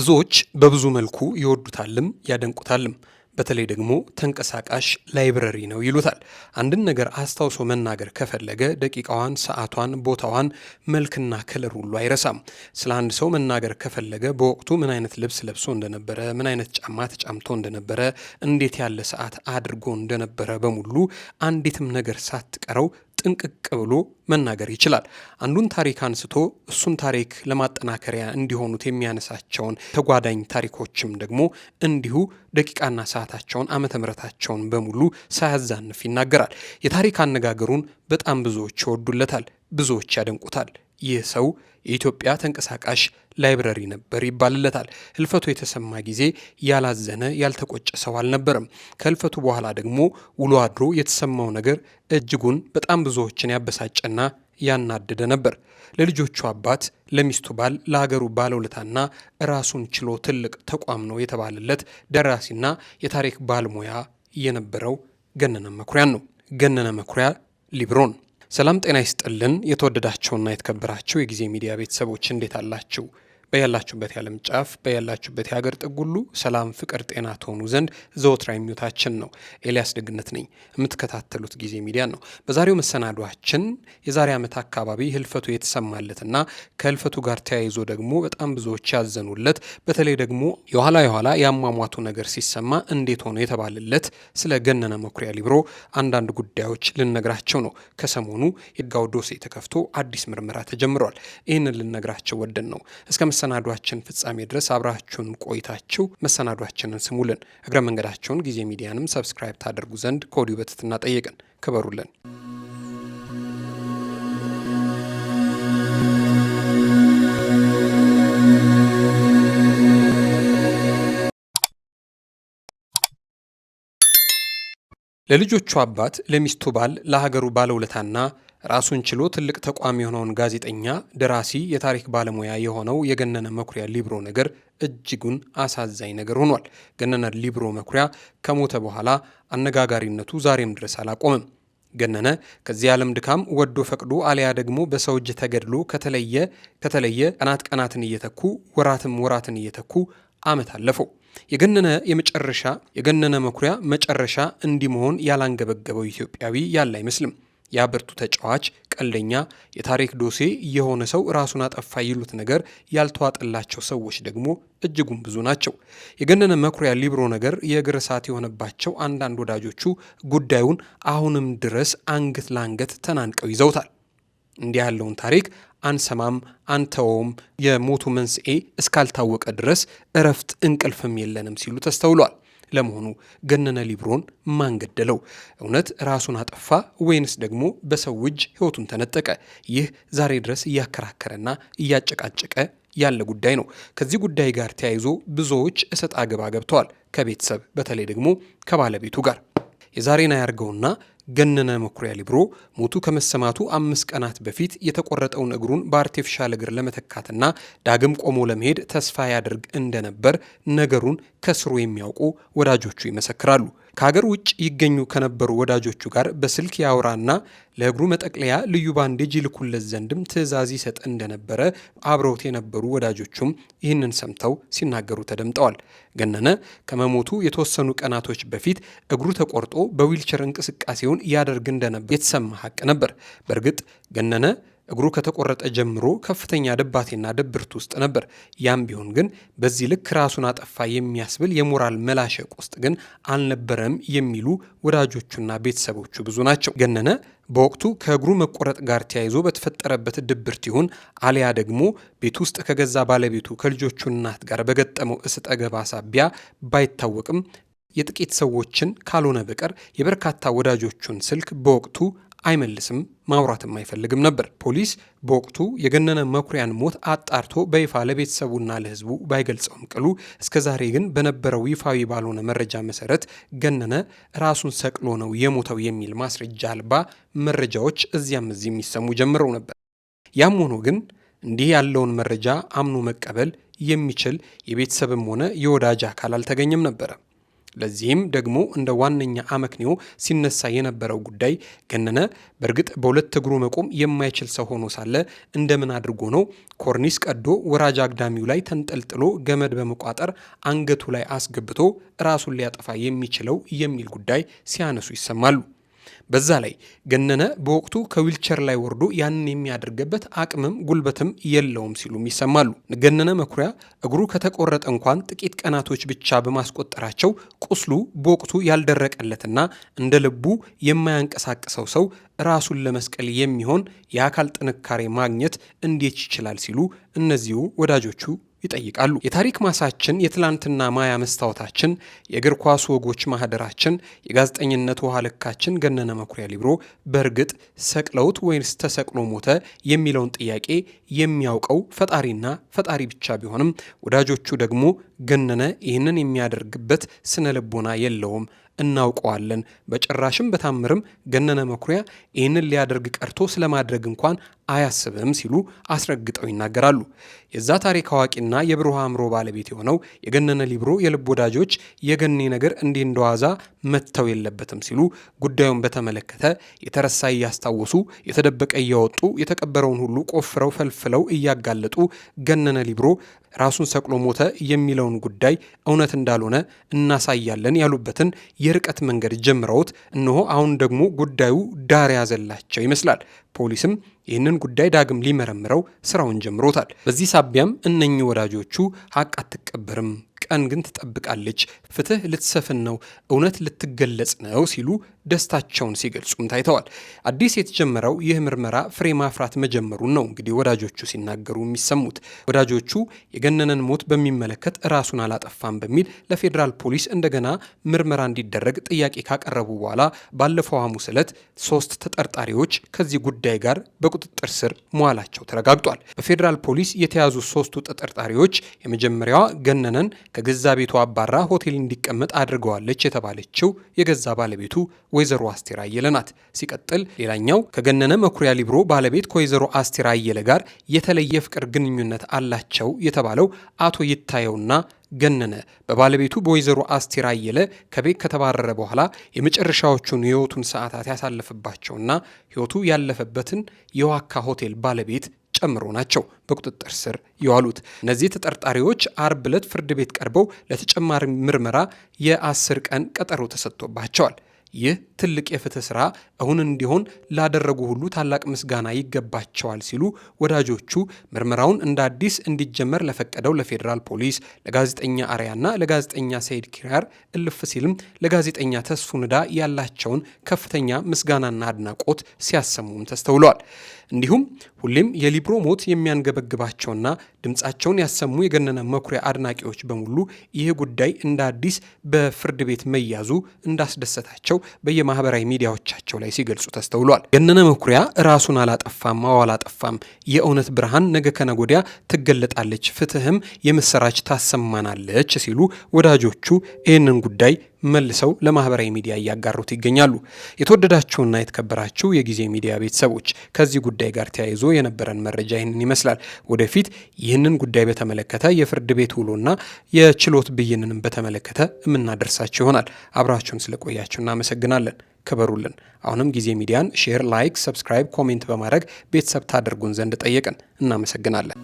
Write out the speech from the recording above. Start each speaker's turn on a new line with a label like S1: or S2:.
S1: ብዙዎች በብዙ መልኩ ይወዱታልም ያደንቁታልም። በተለይ ደግሞ ተንቀሳቃሽ ላይብረሪ ነው ይሉታል። አንድን ነገር አስታውሶ መናገር ከፈለገ ደቂቃዋን፣ ሰዓቷን፣ ቦታዋን፣ መልክና ከለር ሁሉ አይረሳም። ስለ አንድ ሰው መናገር ከፈለገ በወቅቱ ምን አይነት ልብስ ለብሶ እንደነበረ፣ ምን አይነት ጫማ ተጫምቶ እንደነበረ፣ እንዴት ያለ ሰዓት አድርጎ እንደነበረ በሙሉ አንዲትም ነገር ሳትቀረው ጥንቅቅ ብሎ መናገር ይችላል። አንዱን ታሪክ አንስቶ እሱን ታሪክ ለማጠናከሪያ እንዲሆኑት የሚያነሳቸውን ተጓዳኝ ታሪኮችም ደግሞ እንዲሁ ደቂቃና ሰዓታቸውን ዓመተ ምሕረታቸውን በሙሉ ሳያዛንፍ ይናገራል። የታሪክ አነጋገሩን በጣም ብዙዎች ይወዱለታል፣ ብዙዎች ያደንቁታል። ይህ ሰው የኢትዮጵያ ተንቀሳቃሽ ላይብረሪ ነበር ይባልለታል። ህልፈቱ የተሰማ ጊዜ ያላዘነ ያልተቆጨ ሰው አልነበረም። ከህልፈቱ በኋላ ደግሞ ውሎ አድሮ የተሰማው ነገር እጅጉን በጣም ብዙዎችን ያበሳጨና ያናደደ ነበር። ለልጆቹ አባት፣ ለሚስቱ ባል፣ ለሀገሩ ባለውለታና ራሱን ችሎ ትልቅ ተቋም ነው የተባለለት ደራሲና የታሪክ ባለሙያ የነበረው ገነነ መኩሪያን ነው። ገነነ መኩሪያ ሊብሮን ሰላም ጤና ይስጥልን የተወደዳችሁና የተከበራችሁ የጊዜ ሚዲያ ቤተሰቦች እንዴት አላችሁ? በያላችሁበት የዓለም ጫፍ በያላችሁበት የሀገር ጥግ ሁሉ ሰላም፣ ፍቅር፣ ጤና ትሆኑ ዘንድ ዘወትር ምኞታችን ነው። ኤልያስ ደግነት ነኝ። የምትከታተሉት ጊዜ ሚዲያ ነው። በዛሬው መሰናዷችን የዛሬ ዓመት አካባቢ ህልፈቱ የተሰማለትና ከህልፈቱ ጋር ተያይዞ ደግሞ በጣም ብዙዎች ያዘኑለት በተለይ ደግሞ የኋላ የኋላ የአሟሟቱ ነገር ሲሰማ እንዴት ሆነ የተባለለት ስለ ገነነ መኩሪያ ሊብሮ አንዳንድ ጉዳዮች ልነግራቸው ነው። ከሰሞኑ የጋው ዶሴ ተከፍቶ አዲስ ምርመራ ተጀምሯል። ይህንን ልነግራቸው ወደን ነው እስከ መሰናዷችን ፍጻሜ ድረስ አብራችሁን ቆይታችሁ መሰናዷችንን ስሙልን። እግረ መንገዳቸውን ጊዜ ሚዲያንም ሰብስክራይብ ታደርጉ ዘንድ ከወዲሁ በትህትና ጠየቅን። ክበሩልን። ለልጆቹ አባት፣ ለሚስቱ ባል፣ ለሀገሩ ባለውለታና ራሱን ችሎ ትልቅ ተቋም የሆነውን ጋዜጠኛ፣ ደራሲ፣ የታሪክ ባለሙያ የሆነው የገነነ መኩሪያ ሊብሮ ነገር እጅጉን አሳዛኝ ነገር ሆኗል። ገነነ ሊብሮ መኩሪያ ከሞተ በኋላ አነጋጋሪነቱ ዛሬም ድረስ አላቆምም። ገነነ ከዚህ ዓለም ድካም ወዶ ፈቅዶ አሊያ ደግሞ በሰው እጅ ተገድሎ ከተለየ ከተለየ ቀናት ቀናትን እየተኩ ወራትም ወራትን እየተኩ ዓመት አለፈው። የገነነ የመጨረሻ የገነነ መኩሪያ መጨረሻ እንዲህ መሆን ያላንገበገበው ኢትዮጵያዊ ያለ አይመስልም። ያ ብርቱ ተጫዋች ቀልደኛ፣ የታሪክ ዶሴ የሆነ ሰው ራሱን አጠፋ ይሉት ነገር ያልተዋጠላቸው ሰዎች ደግሞ እጅጉን ብዙ ናቸው። የገነነ መኩሪያ ሊብሮ ነገር የእግር እሳት የሆነባቸው አንዳንድ ወዳጆቹ ጉዳዩን አሁንም ድረስ አንገት ለአንገት ተናንቀው ይዘውታል። እንዲህ ያለውን ታሪክ አንሰማም አንተውም፣ የሞቱ መንስኤ እስካልታወቀ ድረስ እረፍት እንቅልፍም የለንም ሲሉ ተስተውሏል። ለመሆኑ ገነነ ሊብሮን ማን ገደለው? እውነት ራሱን አጠፋ ወይንስ ደግሞ በሰው እጅ ህይወቱን ተነጠቀ? ይህ ዛሬ ድረስ እያከራከረና እያጨቃጨቀ ያለ ጉዳይ ነው። ከዚህ ጉዳይ ጋር ተያይዞ ብዙዎች እሰጥ አገባ ገብተዋል። ከቤተሰብ በተለይ ደግሞ ከባለቤቱ ጋር የዛሬን አያርገውና ገነነ መኩሪያ ሊብሮ ሞቱ ከመሰማቱ አምስት ቀናት በፊት የተቆረጠውን እግሩን በአርቴፊሻል እግር ለመተካትና ዳግም ቆሞ ለመሄድ ተስፋ ያደርግ እንደነበር ነገሩን ከስሩ የሚያውቁ ወዳጆቹ ይመሰክራሉ። ከሀገር ውጭ ይገኙ ከነበሩ ወዳጆቹ ጋር በስልክ ያውራና ለእግሩ መጠቅለያ ልዩ ባንዴጅ ይልኩለት ዘንድም ትዕዛዝ ይሰጥ እንደነበረ አብረውት የነበሩ ወዳጆቹም ይህንን ሰምተው ሲናገሩ ተደምጠዋል። ገነነ ከመሞቱ የተወሰኑ ቀናቶች በፊት እግሩ ተቆርጦ በዊልቸር እንቅስቃሴውን ያደርግ እንደነበር የተሰማ ሀቅ ነበር። በእርግጥ ገነነ እግሩ ከተቆረጠ ጀምሮ ከፍተኛ ድባቴና ድብርት ውስጥ ነበር። ያም ቢሆን ግን በዚህ ልክ ራሱን አጠፋ የሚያስብል የሞራል መላሸቅ ውስጥ ግን አልነበረም የሚሉ ወዳጆቹና ቤተሰቦቹ ብዙ ናቸው። ገነነ በወቅቱ ከእግሩ መቆረጥ ጋር ተያይዞ በተፈጠረበት ድብርት ይሁን አሊያ ደግሞ ቤት ውስጥ ከገዛ ባለቤቱ ከልጆቹ እናት ጋር በገጠመው እሰጥ አገባ ሳቢያ ባይታወቅም የጥቂት ሰዎችን ካልሆነ በቀር የበርካታ ወዳጆቹን ስልክ በወቅቱ አይመልስም፣ ማውራትም አይፈልግም ነበር። ፖሊስ በወቅቱ የገነነ መኩሪያን ሞት አጣርቶ በይፋ ለቤተሰቡና ለሕዝቡ ባይገልጸውም ቅሉ እስከ ዛሬ ግን በነበረው ይፋዊ ባልሆነ መረጃ መሰረት ገነነ ራሱን ሰቅሎ ነው የሞተው የሚል ማስረጃ አልባ መረጃዎች እዚያም እዚህ የሚሰሙ ጀምረው ነበር። ያም ሆኖ ግን እንዲህ ያለውን መረጃ አምኖ መቀበል የሚችል የቤተሰብም ሆነ የወዳጅ አካል አልተገኘም ነበረም። ለዚህም ደግሞ እንደ ዋነኛ አመክንዮ ሲነሳ የነበረው ጉዳይ ገነነ በእርግጥ በሁለት እግሩ መቆም የማይችል ሰው ሆኖ ሳለ እንደምን አድርጎ ነው ኮርኒስ ቀዶ ወራጅ አግዳሚው ላይ ተንጠልጥሎ ገመድ በመቋጠር አንገቱ ላይ አስገብቶ ራሱን ሊያጠፋ የሚችለው የሚል ጉዳይ ሲያነሱ ይሰማሉ። በዛ ላይ ገነነ በወቅቱ ከዊልቸር ላይ ወርዶ ያንን የሚያደርገበት አቅምም ጉልበትም የለውም ሲሉም ይሰማሉ። ገነነ መኩሪያ እግሩ ከተቆረጠ እንኳን ጥቂት ቀናቶች ብቻ በማስቆጠራቸው ቁስሉ በወቅቱ ያልደረቀለትና እንደ ልቡ የማያንቀሳቅሰው ሰው ራሱን ለመስቀል የሚሆን የአካል ጥንካሬ ማግኘት እንዴት ይችላል ሲሉ እነዚሁ ወዳጆቹ ይጠይቃሉ። የታሪክ ማሳችን፣ የትላንትና ማያ መስታወታችን፣ የእግር ኳስ ወጎች ማህደራችን፣ የጋዜጠኝነት ውሃ ልካችን ገነነ መኩሪያ ሊብሮ በእርግጥ ሰቅለውት ወይንስ ተሰቅሎ ሞተ የሚለውን ጥያቄ የሚያውቀው ፈጣሪና ፈጣሪ ብቻ ቢሆንም ወዳጆቹ ደግሞ ገነነ ይህንን የሚያደርግበት ስነ ልቦና የለውም እናውቀዋለን። በጭራሽም በታምርም ገነነ መኩሪያ ይህንን ሊያደርግ ቀርቶ ስለማድረግ እንኳን አያስብም ሲሉ አስረግጠው ይናገራሉ። የዛ ታሪክ አዋቂና የብሩህ አእምሮ ባለቤት የሆነው የገነነ ሊብሮ የልብ ወዳጆች የገኔ ነገር እንዲህ እንደዋዛ መተው የለበትም ሲሉ ጉዳዩን በተመለከተ የተረሳ እያስታወሱ የተደበቀ እያወጡ የተቀበረውን ሁሉ ቆፍረው ፈልፍለው እያጋለጡ ገነነ ሊብሮ ራሱን ሰቅሎ ሞተ የሚለውን ጉዳይ እውነት እንዳልሆነ እናሳያለን ያሉበትን የርቀት መንገድ ጀምረውት እነሆ አሁን ደግሞ ጉዳዩ ዳር ያዘላቸው ይመስላል። ፖሊስም ይህንን ጉዳይ ዳግም ሊመረምረው ስራውን ጀምሮታል። በዚህ ሳቢያም እነኚህ ወዳጆቹ ሀቅ አትቀበርም ቀን ግን ትጠብቃለች፣ ፍትህ ልትሰፍን ነው፣ እውነት ልትገለጽ ነው ሲሉ ደስታቸውን ሲገልጹም ታይተዋል። አዲስ የተጀመረው ይህ ምርመራ ፍሬ ማፍራት መጀመሩን ነው እንግዲህ ወዳጆቹ ሲናገሩ የሚሰሙት። ወዳጆቹ የገነነን ሞት በሚመለከት ራሱን አላጠፋም በሚል ለፌዴራል ፖሊስ እንደገና ምርመራ እንዲደረግ ጥያቄ ካቀረቡ በኋላ ባለፈው ሐሙስ ዕለት ሶስት ተጠርጣሪዎች ከዚህ ጉዳይ ጋር በቁጥጥር ስር መዋላቸው ተረጋግጧል። በፌዴራል ፖሊስ የተያዙ ሶስቱ ተጠርጣሪዎች የመጀመሪያዋ ገነነን ከገዛ ቤቱ አባራ ሆቴል እንዲቀመጥ አድርገዋለች የተባለችው የገዛ ባለቤቱ ወይዘሮ አስቴር አየለ ናት። ሲቀጥል ሌላኛው ከገነነ መኩሪያ ሊብሮ ባለቤት ከወይዘሮ አስቴር አየለ ጋር የተለየ ፍቅር ግንኙነት አላቸው የተባለው አቶ ይታየውና ገነነ በባለቤቱ በወይዘሮ አስቴር አየለ ከቤት ከተባረረ በኋላ የመጨረሻዎቹን የህይወቱን ሰዓታት ያሳለፈባቸውና ህይወቱ ያለፈበትን የዋካ ሆቴል ባለቤት ጨምሮ ናቸው በቁጥጥር ስር የዋሉት። እነዚህ ተጠርጣሪዎች አርብ ዕለት ፍርድ ቤት ቀርበው ለተጨማሪ ምርመራ የአስር ቀን ቀጠሮ ተሰጥቶባቸዋል። ይህ ትልቅ የፍትህ ስራ እሁን እንዲሆን ላደረጉ ሁሉ ታላቅ ምስጋና ይገባቸዋል ሲሉ ወዳጆቹ ምርመራውን እንደ አዲስ እንዲጀመር ለፈቀደው ለፌዴራል ፖሊስ፣ ለጋዜጠኛ አርያና ለጋዜጠኛ ሰይድ ኪራር እልፍ ሲልም ለጋዜጠኛ ተስፉ ንዳ ያላቸውን ከፍተኛ ምስጋናና አድናቆት ሲያሰሙም ተስተውሏል። እንዲሁም ሁሌም የሊብሮ ሞት የሚያንገበግባቸውና ድምፃቸውን ያሰሙ የገነነ መኩሪያ አድናቂዎች በሙሉ ይህ ጉዳይ እንደ አዲስ በፍርድ ቤት መያዙ እንዳስደሰታቸው በየማህበራዊ ሚዲያዎቻቸው ላይ ሲገልጹ ተስተውሏል። ገነነ መኩሪያ ራሱን አላጠፋም፣ አዎ አላጠፋም፣ የእውነት ብርሃን ነገ ከነጎዲያ ትገለጣለች፣ ፍትህም የምስራች ታሰማናለች ሲሉ ወዳጆቹ ይህንን ጉዳይ መልሰው ለማህበራዊ ሚዲያ እያጋሩት ይገኛሉ። የተወደዳችሁና የተከበራችሁ የጊዜ ሚዲያ ቤተሰቦች ከዚህ ጉዳይ ጋር ተያይዞ የነበረን መረጃ ይህንን ይመስላል። ወደፊት ይህንን ጉዳይ በተመለከተ የፍርድ ቤት ውሎና የችሎት ብይንንም በተመለከተ የምናደርሳችሁ ይሆናል። አብራችሁን ስለቆያችሁ እናመሰግናለን። ክበሩልን። አሁንም ጊዜ ሚዲያን ሼር፣ ላይክ፣ ሰብስክራይብ፣ ኮሜንት በማድረግ ቤተሰብ ታደርጉን ዘንድ ጠየቅን። እናመሰግናለን።